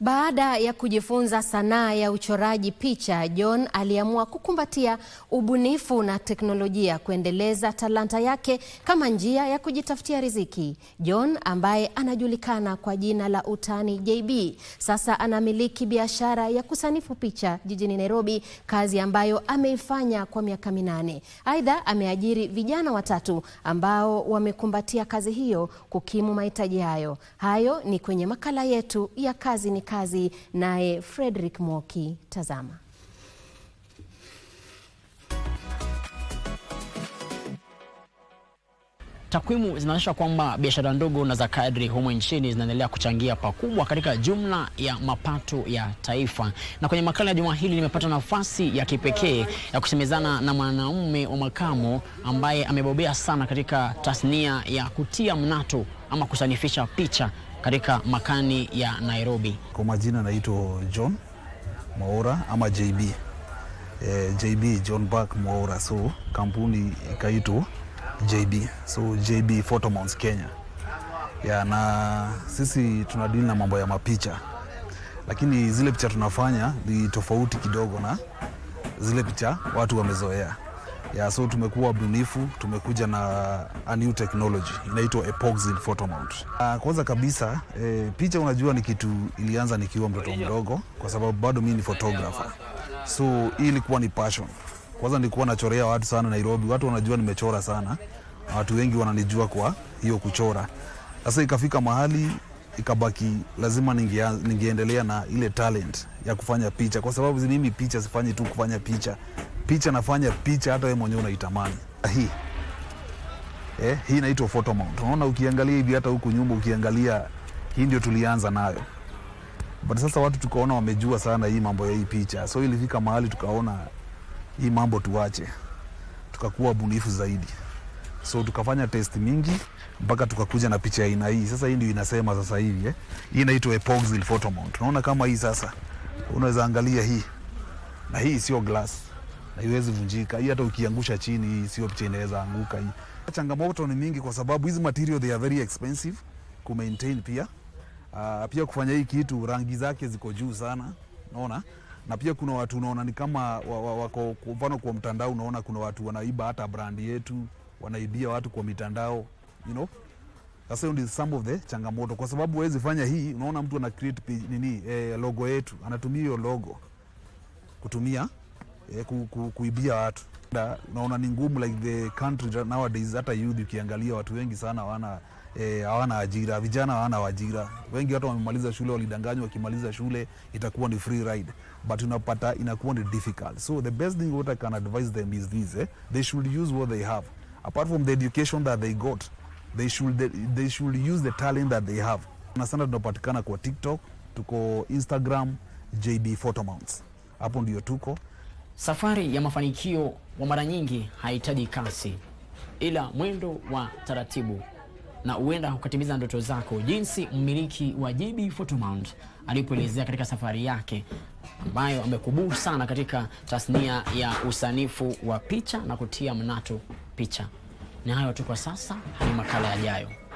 Baada ya kujifunza sanaa ya uchoraji picha, John aliamua kukumbatia ubunifu na teknolojia kuendeleza talanta yake kama njia ya kujitafutia riziki. John ambaye anajulikana kwa jina la utani JB, sasa anamiliki biashara ya kusanifu picha jijini Nairobi, kazi ambayo ameifanya kwa miaka minane. Aidha, ameajiri vijana watatu ambao wamekumbatia kazi hiyo kukimu mahitaji hayo. Hayo ni kwenye makala yetu ya Kazi ni kazi naye Frederick Moki. Tazama. Takwimu zinaonyesha kwamba biashara ndogo na za kadri humu nchini zinaendelea kuchangia pakubwa katika jumla ya mapato ya taifa. Na kwenye makala ya juma hili nimepata nafasi ya kipekee ya kusemezana na mwanaume wa makamo ambaye amebobea sana katika tasnia ya kutia mnato ama kusanifisha picha katika makani ya Nairobi. Kwa majina naitwa John Mwaura ama JB. E, JB John back Mwaura, so kampuni ikaitwa JB, so JB Photomounts Kenya ya, na sisi tunadili na mambo ya mapicha, lakini zile picha tunafanya ni tofauti kidogo na zile picha watu wamezoea. Ya, so tumekuwa bunifu tumekuja na a new technology inaitwa epoxy photo mount. Ah, kwanza kabisa e, picha unajua ni kitu ilianza nikiwa mtoto mdogo, kwa sababu bado mimi ni photographer, so hii ilikuwa ni passion. Kwanza nilikuwa nachorea watu sana Nairobi, watu wanajua nimechora sana, watu wengi wananijua kwa hiyo kuchora. Sasa ikafika mahali ikabaki lazima ningia, ningeendelea na ile talent ya kufanya picha, kwa sababu mimi picha sifanyi tu kufanya picha picha nafanya picha hata wewe mwenyewe unaitamani ah, hii. Eh, hii inaitwa photo mount. Unaona, ukiangalia hivi hata huku nyumba ukiangalia, hii ndio tulianza nayo, but sasa watu tukaona wamejua sana hii mambo ya hii picha, so ilifika mahali tukaona hii mambo tuache, tukakuwa bunifu zaidi, so tukafanya test mingi mpaka tukakuja na picha aina hii. Sasa hii ndio inasema sasa hivi eh, hii inaitwa epoxy photo mount. Unaona kama hii sasa, unaweza angalia hii, na hii sio glass haiwezi vunjika. Hii hata ukiangusha chini, hii sio picha inaweza anguka. Hii changamoto ni mingi, kwa sababu hizi material they are very expensive ku maintain pia. Uh, pia kufanya hii kitu rangi zake ziko juu sana, unaona na pia kuna watu unaona ni kama wako kwa mfano kwa mtandao, unaona kuna watu wanaiba hata brandi yetu, wanaibia watu kwa mitandao you know. Sasa hiyo ndio some of the changamoto, kwa sababu wezi fanya hii, unaona mtu ana create nini, eh, logo yetu anatumia hiyo logo kutumia eh, ku, ku, kuibia watu naona ni ngumu like the country nowadays. Hata youth ukiangalia, watu wengi sana hawana eh, ajira, vijana hawana ajira. Wengi watu wamemaliza shule walidanganywa, wakimaliza shule itakuwa ni free ride, but unapata inakuwa ni difficult. So the best thing what I can advise them is this eh, they should use what they have apart from the education that they got they should, they, they should use the talent that they have. Na sana tunapatikana kwa TikTok, tuko Instagram JD Photomounts, hapo ndio tuko Safari ya mafanikio wa mara nyingi haihitaji kasi, ila mwendo wa taratibu, na huenda ukatimiza ndoto zako, jinsi mmiliki wa JB Photomount alipoelezea katika safari yake ambayo amekubuu sana katika tasnia ya usanifu wa picha na kutia mnato picha. Ni hayo tu kwa sasa, hadi makala yajayo.